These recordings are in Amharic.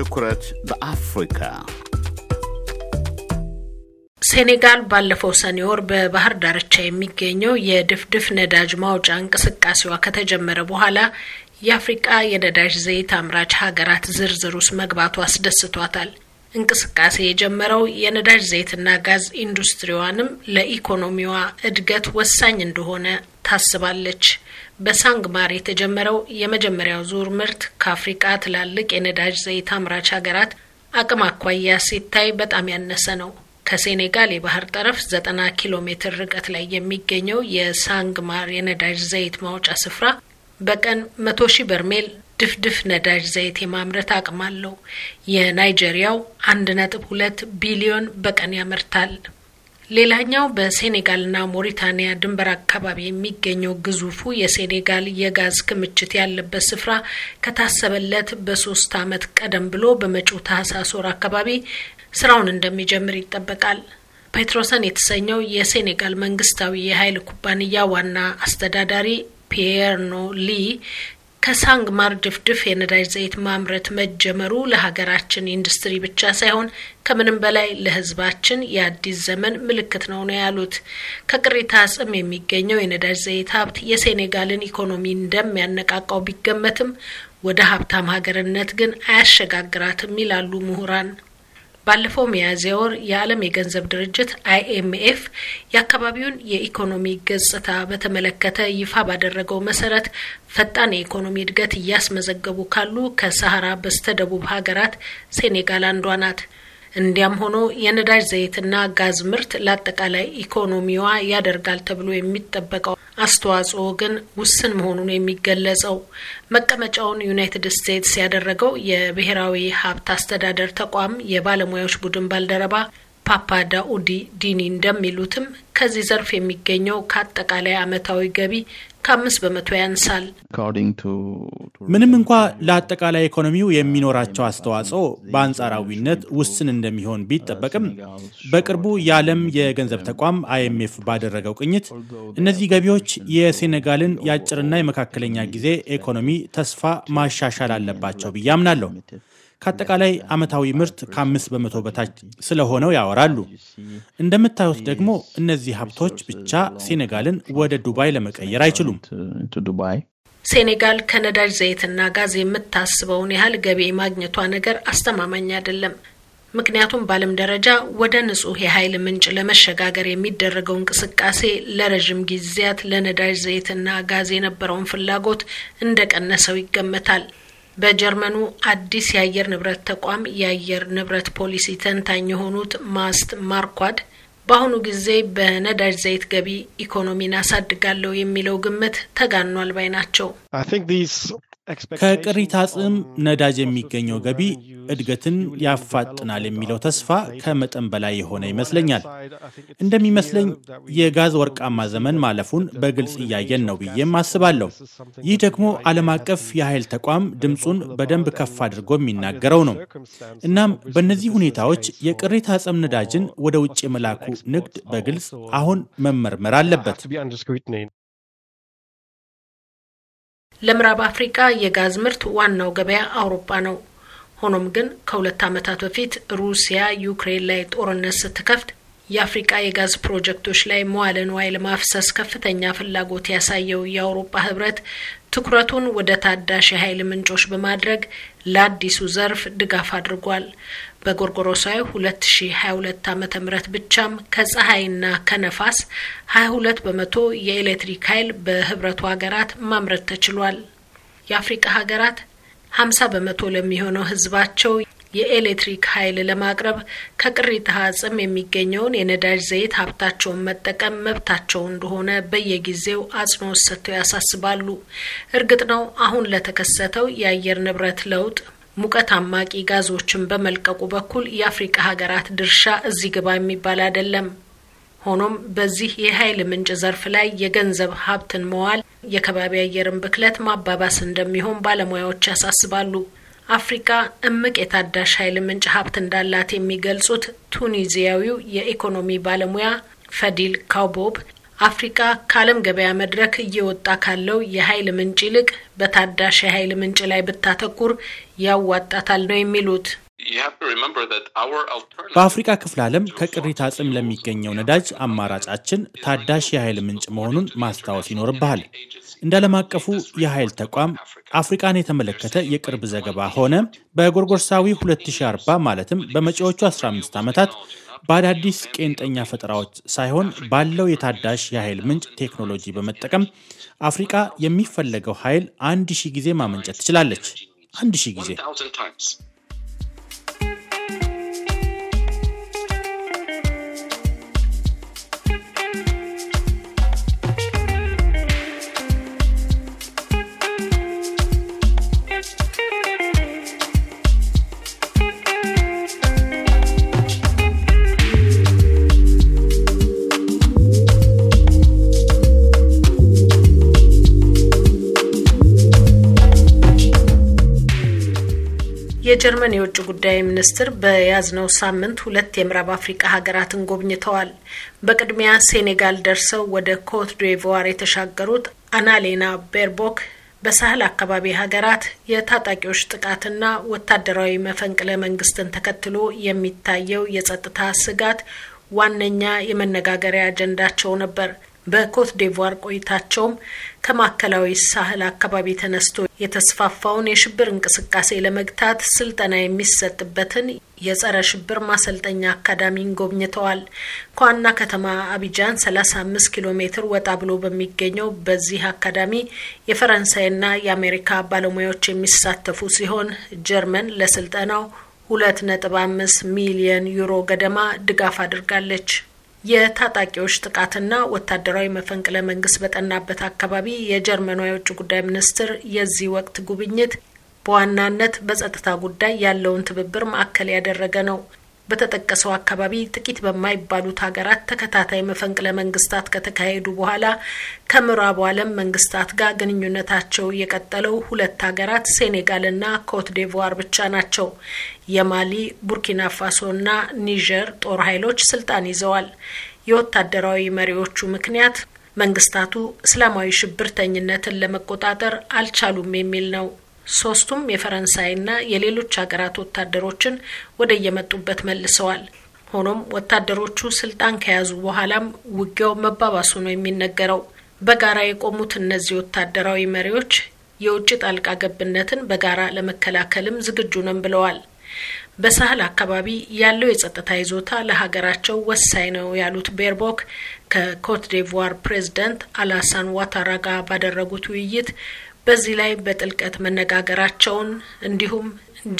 ትኩረት በአፍሪካ ሴኔጋል ባለፈው ሰኔ ወር በባህር ዳርቻ የሚገኘው የድፍድፍ ነዳጅ ማውጫ እንቅስቃሴዋ ከተጀመረ በኋላ የአፍሪቃ የነዳጅ ዘይት አምራች ሀገራት ዝርዝር ውስጥ መግባቱ አስደስቷታል። እንቅስቃሴ የጀመረው የነዳጅ ዘይትና ጋዝ ኢንዱስትሪዋንም ለኢኮኖሚዋ እድገት ወሳኝ እንደሆነ ታስባለች። በሳንግማር የተጀመረው የመጀመሪያው ዙር ምርት ከአፍሪቃ ትላልቅ የነዳጅ ዘይት አምራች ሀገራት አቅም አኳያ ሲታይ በጣም ያነሰ ነው። ከሴኔጋል የባህር ጠረፍ ዘጠና ኪሎ ሜትር ርቀት ላይ የሚገኘው የሳንግማር የነዳጅ ዘይት ማውጫ ስፍራ በቀን 100 ሺህ በርሜል ድፍድፍ ነዳጅ ዘይት የማምረት አቅም አለው። የናይጄሪያው 1.2 ቢሊዮን በቀን ያመርታል። ሌላኛው በሴኔጋልና ሞሪታኒያ ድንበር አካባቢ የሚገኘው ግዙፉ የሴኔጋል የጋዝ ክምችት ያለበት ስፍራ ከታሰበለት በሶስት ዓመት ቀደም ብሎ በመጪው ታህሳስ ወር አካባቢ ስራውን እንደሚጀምር ይጠበቃል። ፔትሮሰን የተሰኘው የሴኔጋል መንግስታዊ የኃይል ኩባንያ ዋና አስተዳዳሪ ፒየርኖ ሊ ከሳንግ ድፍድፍ የነዳጅ ዘይት ማምረት መጀመሩ ለሀገራችን ኢንዱስትሪ ብቻ ሳይሆን ከምንም በላይ ለሕዝባችን የአዲስ ዘመን ምልክት ነው ነው ያሉት። ከቅሪታ አጽም የሚገኘው የነዳጅ ዘይት ሀብት የሴኔጋልን ኢኮኖሚ እንደሚያነቃቃው ቢገመትም ወደ ሀብታም ሀገርነት ግን አያሸጋግራትም ይላሉ ምሁራን። ባለፈው ሚያዝያ ወር የዓለም የገንዘብ ድርጅት አይኤምኤፍ የአካባቢውን የኢኮኖሚ ገጽታ በተመለከተ ይፋ ባደረገው መሰረት ፈጣን የኢኮኖሚ እድገት እያስመዘገቡ ካሉ ከሰሐራ በስተ ደቡብ ሀገራት ሴኔጋል አንዷ ናት። እንዲያም ሆኖ የነዳጅ ዘይትና ጋዝ ምርት ለአጠቃላይ ኢኮኖሚዋ ያደርጋል ተብሎ የሚጠበቀው አስተዋጽኦ ግን ውስን መሆኑን የሚገለጸው መቀመጫውን ዩናይትድ ስቴትስ ያደረገው የብሔራዊ ሀብት አስተዳደር ተቋም የባለሙያዎች ቡድን ባልደረባ ፓፓ ዳኡዲ ዲኒ እንደሚሉትም ከዚህ ዘርፍ የሚገኘው ከአጠቃላይ ዓመታዊ ገቢ ከአምስት በመቶ ያንሳል። ምንም እንኳ ለአጠቃላይ ኢኮኖሚው የሚኖራቸው አስተዋጽኦ በአንጻራዊነት ውስን እንደሚሆን ቢጠበቅም በቅርቡ የዓለም የገንዘብ ተቋም አይኤምኤፍ ባደረገው ቅኝት እነዚህ ገቢዎች የሴኔጋልን የአጭርና የመካከለኛ ጊዜ ኢኮኖሚ ተስፋ ማሻሻል አለባቸው ብዬ አምናለሁ። ከአጠቃላይ ዓመታዊ ምርት ከአምስት በመቶ በታች ስለሆነው ያወራሉ። እንደምታዩት ደግሞ እነዚህ ሀብቶች ብቻ ሴኔጋልን ወደ ዱባይ ለመቀየር አይችሉም። ሴኔጋል ከነዳጅ ዘይትና ጋዝ የምታስበውን ያህል ገቢ ማግኘቷ ነገር አስተማማኝ አይደለም። ምክንያቱም በዓለም ደረጃ ወደ ንጹህ የኃይል ምንጭ ለመሸጋገር የሚደረገው እንቅስቃሴ ለረዥም ጊዜያት ለነዳጅ ዘይትና ጋዝ የነበረውን ፍላጎት እንደቀነሰው ይገመታል። በጀርመኑ አዲስ የአየር ንብረት ተቋም የአየር ንብረት ፖሊሲ ተንታኝ የሆኑት ማስት ማርኳድ በአሁኑ ጊዜ በነዳጅ ዘይት ገቢ ኢኮኖሚን አሳድጋለሁ የሚለው ግምት ተጋኗል ባይ ናቸው። ከቅሪተ አጽም ነዳጅ የሚገኘው ገቢ እድገትን ያፋጥናል የሚለው ተስፋ ከመጠን በላይ የሆነ ይመስለኛል። እንደሚመስለኝ የጋዝ ወርቃማ ዘመን ማለፉን በግልጽ እያየን ነው ብዬም አስባለሁ። ይህ ደግሞ ዓለም አቀፍ የኃይል ተቋም ድምፁን በደንብ ከፍ አድርጎ የሚናገረው ነው። እናም በእነዚህ ሁኔታዎች የቅሪተ አጽም ነዳጅን ወደ ውጭ የመላኩ ንግድ በግልጽ አሁን መመርመር አለበት። ለምዕራብ አፍሪቃ የጋዝ ምርት ዋናው ገበያ አውሮፓ ነው። ሆኖም ግን ከሁለት ዓመታት በፊት ሩሲያ ዩክሬን ላይ ጦርነት ስትከፍት የአፍሪቃ የጋዝ ፕሮጀክቶች ላይ መዋለ ንዋይ ለማፍሰስ ከፍተኛ ፍላጎት ያሳየው የአውሮፓ ህብረት ትኩረቱን ወደ ታዳሽ የኃይል ምንጮች በማድረግ ለአዲሱ ዘርፍ ድጋፍ አድርጓል። በጎርጎሮሳዊ 2022 ዓ ም ብቻም ከፀሐይና ከነፋስ 22 በመቶ የኤሌክትሪክ ኃይል በህብረቱ ሀገራት ማምረት ተችሏል። የአፍሪቃ ሀገራት 50 በመቶ ለሚሆነው ህዝባቸው የኤሌክትሪክ ኃይል ለማቅረብ ከቅሪተ አጽም የሚገኘውን የነዳጅ ዘይት ሀብታቸውን መጠቀም መብታቸው እንደሆነ በየጊዜው አጽንኦት ሰጥተው ያሳስባሉ። እርግጥ ነው አሁን ለተከሰተው የአየር ንብረት ለውጥ ሙቀት አማቂ ጋዞችን በመልቀቁ በኩል የአፍሪቃ ሀገራት ድርሻ እዚህ ግባ የሚባል አይደለም። ሆኖም በዚህ የኃይል ምንጭ ዘርፍ ላይ የገንዘብ ሀብትን መዋል የከባቢ አየርን ብክለት ማባባስ እንደሚሆን ባለሙያዎች ያሳስባሉ። አፍሪካ እምቅ የታዳሽ ኃይል ምንጭ ሀብት እንዳላት የሚገልጹት ቱኒዚያዊው የኢኮኖሚ ባለሙያ ፈዲል ካውቦብ አፍሪካ ከዓለም ገበያ መድረክ እየወጣ ካለው የኃይል ምንጭ ይልቅ በታዳሽ የኃይል ምንጭ ላይ ብታተኩር ያዋጣታል ነው የሚሉት። በአፍሪካ ክፍለ ዓለም ከቅሪተ አጽም ለሚገኘው ነዳጅ አማራጫችን ታዳሽ የኃይል ምንጭ መሆኑን ማስታወስ ይኖርብሃል። እንደ ዓለም አቀፉ የኃይል ተቋም አፍሪካን የተመለከተ የቅርብ ዘገባ ሆነ በጎርጎርሳዊ 2040 ማለትም በመጪዎቹ 15 ዓመታት በአዳዲስ ቄንጠኛ ፈጠራዎች ሳይሆን ባለው የታዳሽ የኃይል ምንጭ ቴክኖሎጂ በመጠቀም አፍሪካ የሚፈለገው ኃይል አንድ ሺህ ጊዜ ማመንጨት ትችላለች። አንድ ሺህ ጊዜ የጀርመን የውጭ ጉዳይ ሚኒስትር በያዝነው ሳምንት ሁለት የምዕራብ አፍሪቃ ሀገራትን ጎብኝተዋል። በቅድሚያ ሴኔጋል ደርሰው ወደ ኮት ዲቮር የተሻገሩት አናሌና ቤርቦክ በሳህል አካባቢ ሀገራት የታጣቂዎች ጥቃትና ወታደራዊ መፈንቅለ መንግስትን ተከትሎ የሚታየው የጸጥታ ስጋት ዋነኛ የመነጋገሪያ አጀንዳቸው ነበር። በኮት ዴቯር ቆይታቸውም ከማዕከላዊ ሳህል አካባቢ ተነስቶ የተስፋፋውን የሽብር እንቅስቃሴ ለመግታት ስልጠና የሚሰጥበትን የጸረ ሽብር ማሰልጠኛ አካዳሚን ጎብኝተዋል። ከዋና ከተማ አቢጃን 35 ኪሎ ሜትር ወጣ ብሎ በሚገኘው በዚህ አካዳሚ የፈረንሳይና የአሜሪካ ባለሙያዎች የሚሳተፉ ሲሆን ጀርመን ለስልጠናው ሁለት ነጥብ አምስት ሚሊየን ዩሮ ገደማ ድጋፍ አድርጋለች። የታጣቂዎች ጥቃትና ወታደራዊ መፈንቅለ መንግስት በጠናበት አካባቢ የጀርመኗ የውጭ ጉዳይ ሚኒስትር የዚህ ወቅት ጉብኝት በዋናነት በጸጥታ ጉዳይ ያለውን ትብብር ማዕከል ያደረገ ነው። በተጠቀሰው አካባቢ ጥቂት በማይባሉት ሀገራት ተከታታይ መፈንቅለ መንግስታት ከተካሄዱ በኋላ ከምዕራቡ ዓለም መንግስታት ጋር ግንኙነታቸው የቀጠለው ሁለት ሀገራት ሴኔጋልና ኮት ዴቮር ብቻ ናቸው። የማሊ፣ ቡርኪና ፋሶና ኒጀር ጦር ኃይሎች ስልጣን ይዘዋል። የወታደራዊ መሪዎቹ ምክንያት መንግስታቱ እስላማዊ ሽብርተኝነትን ለመቆጣጠር አልቻሉም የሚል ነው። ሶስቱም የፈረንሳይና የሌሎች ሀገራት ወታደሮችን ወደ የመጡበት መልሰዋል። ሆኖም ወታደሮቹ ስልጣን ከያዙ በኋላም ውጊያው መባባሱ ነው የሚነገረው። በጋራ የቆሙት እነዚህ ወታደራዊ መሪዎች የውጭ ጣልቃ ገብነትን በጋራ ለመከላከልም ዝግጁ ነን ብለዋል። በሳህል አካባቢ ያለው የጸጥታ ይዞታ ለሀገራቸው ወሳኝ ነው ያሉት ቤርቦክ ከኮትዲቯር ፕሬዚደንት አላሳን ዋታራ ጋር ባደረጉት ውይይት በዚህ ላይ በጥልቀት መነጋገራቸውን እንዲሁም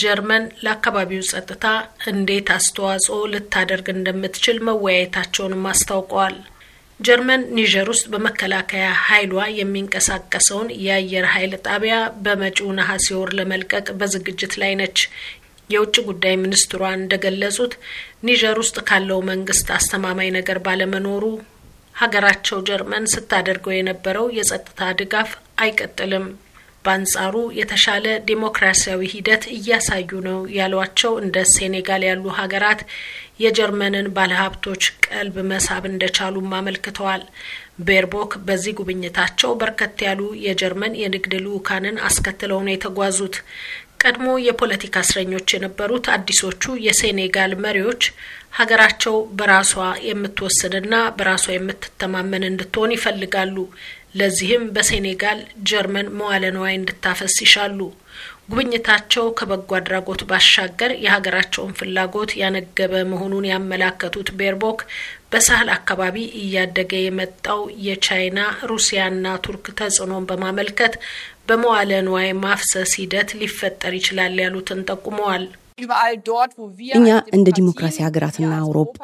ጀርመን ለአካባቢው ጸጥታ እንዴት አስተዋጽኦ ልታደርግ እንደምትችል መወያየታቸውንም አስታውቀዋል። ጀርመን ኒጀር ውስጥ በመከላከያ ኃይሏ የሚንቀሳቀሰውን የአየር ኃይል ጣቢያ በመጪው ነሐሴ ወር ለመልቀቅ በዝግጅት ላይ ነች። የውጭ ጉዳይ ሚኒስትሯ እንደገለጹት ኒጀር ውስጥ ካለው መንግስት አስተማማኝ ነገር ባለመኖሩ ሀገራቸው ጀርመን ስታደርገው የነበረው የጸጥታ ድጋፍ አይቀጥልም፣ በአንጻሩ የተሻለ ዴሞክራሲያዊ ሂደት እያሳዩ ነው ያሏቸው እንደ ሴኔጋል ያሉ ሀገራት የጀርመንን ባለሀብቶች ቀልብ መሳብ እንደቻሉም አመልክተዋል። ቤርቦክ በዚህ ጉብኝታቸው በርከት ያሉ የጀርመን የንግድ ልዑካንን አስከትለው ነው የተጓዙት። ቀድሞ የፖለቲካ እስረኞች የነበሩት አዲሶቹ የሴኔጋል መሪዎች ሀገራቸው በራሷ የምትወስንና በራሷ የምትተማመን እንድትሆን ይፈልጋሉ። ለዚህም በሴኔጋል ጀርመን መዋለ ንዋይ እንድታፈስ ይሻሉ። ጉብኝታቸው ከበጎ አድራጎት ባሻገር የሀገራቸውን ፍላጎት ያነገበ መሆኑን ያመላከቱት ቤርቦክ በሳህል አካባቢ እያደገ የመጣው የቻይና ሩሲያና ቱርክ ተጽዕኖን በማመልከት በመዋለ ንዋይ ማፍሰስ ሂደት ሊፈጠር ይችላል ያሉትን ጠቁመዋል። እኛ እንደ ዲሞክራሲ ሀገራትና አውሮፓ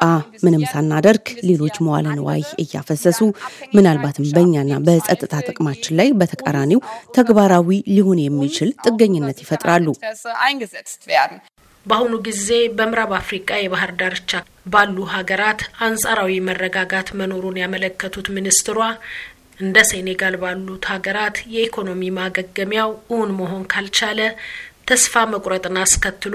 ምንም ሳናደርግ ሌሎች መዋለ ንዋይ እያፈሰሱ ምናልባትም በእኛና በጸጥታ ጥቅማችን ላይ በተቃራኒው ተግባራዊ ሊሆን የሚችል ጥገኝነት ይፈጥራሉ። በአሁኑ ጊዜ በምዕራብ አፍሪቃ የባህር ዳርቻ ባሉ ሀገራት አንጻራዊ መረጋጋት መኖሩን ያመለከቱት ሚኒስትሯ እንደ ሴኔጋል ባሉት ሀገራት የኢኮኖሚ ማገገሚያው እውን መሆን ካልቻለ ተስፋ መቁረጥን አስከትሎ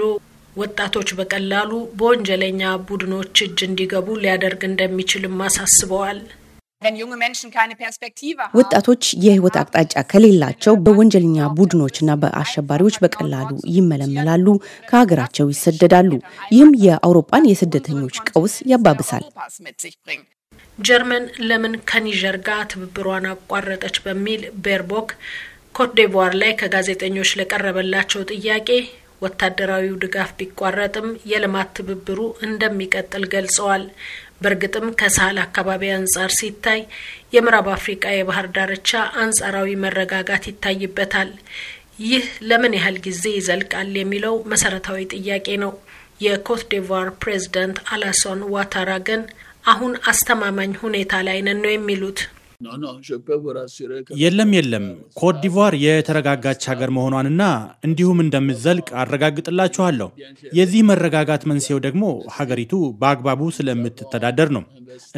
ወጣቶች በቀላሉ በወንጀለኛ ቡድኖች እጅ እንዲገቡ ሊያደርግ እንደሚችልም አሳስበዋል። ወጣቶች የህይወት አቅጣጫ ከሌላቸው በወንጀለኛ ቡድኖችና በአሸባሪዎች በቀላሉ ይመለመላሉ፣ ከሀገራቸው ይሰደዳሉ። ይህም የአውሮፓን የስደተኞች ቀውስ ያባብሳል። ጀርመን ለምን ከኒጀር ጋር ትብብሯን አቋረጠች በሚል ቤርቦክ ኮትዲቯር ላይ ከጋዜጠኞች ለቀረበላቸው ጥያቄ ወታደራዊው ድጋፍ ቢቋረጥም የልማት ትብብሩ እንደሚቀጥል ገልጸዋል። በእርግጥም ከሳህል አካባቢ አንጻር ሲታይ የምዕራብ አፍሪቃ የባህር ዳርቻ አንጻራዊ መረጋጋት ይታይበታል። ይህ ለምን ያህል ጊዜ ይዘልቃል የሚለው መሰረታዊ ጥያቄ ነው። የኮትዲቯር ፕሬዚዳንት አላሶን ዋታራ ግን አሁን አስተማማኝ ሁኔታ ላይ ነን ነው የሚሉት። የለም የለም፣ ኮትዲቯር የተረጋጋች ሀገር መሆኗንና እንዲሁም እንደምትዘልቅ አረጋግጥላችኋለሁ። የዚህ መረጋጋት መንስኤው ደግሞ ሀገሪቱ በአግባቡ ስለምትተዳደር ነው።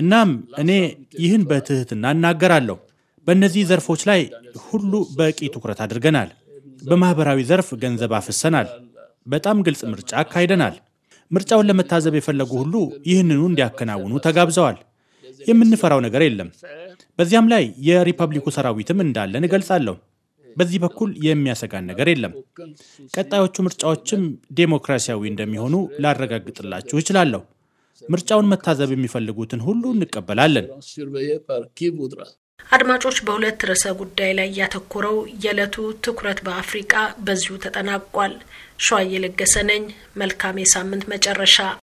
እናም እኔ ይህን በትህትና እናገራለሁ። በእነዚህ ዘርፎች ላይ ሁሉ በቂ ትኩረት አድርገናል። በማህበራዊ ዘርፍ ገንዘብ አፍሰናል። በጣም ግልጽ ምርጫ አካሂደናል። ምርጫውን ለመታዘብ የፈለጉ ሁሉ ይህንኑ እንዲያከናውኑ ተጋብዘዋል። የምንፈራው ነገር የለም። በዚያም ላይ የሪፐብሊኩ ሰራዊትም እንዳለን እገልጻለሁ። በዚህ በኩል የሚያሰጋን ነገር የለም። ቀጣዮቹ ምርጫዎችም ዴሞክራሲያዊ እንደሚሆኑ ላረጋግጥላችሁ እችላለሁ። ምርጫውን መታዘብ የሚፈልጉትን ሁሉ እንቀበላለን። አድማጮች በሁለት ርዕሰ ጉዳይ ላይ ያተኮረው የዕለቱ ትኩረት በአፍሪቃ በዚሁ ተጠናቋል። ሸዋዬ ለገሰ ነኝ። መልካም የሳምንት መጨረሻ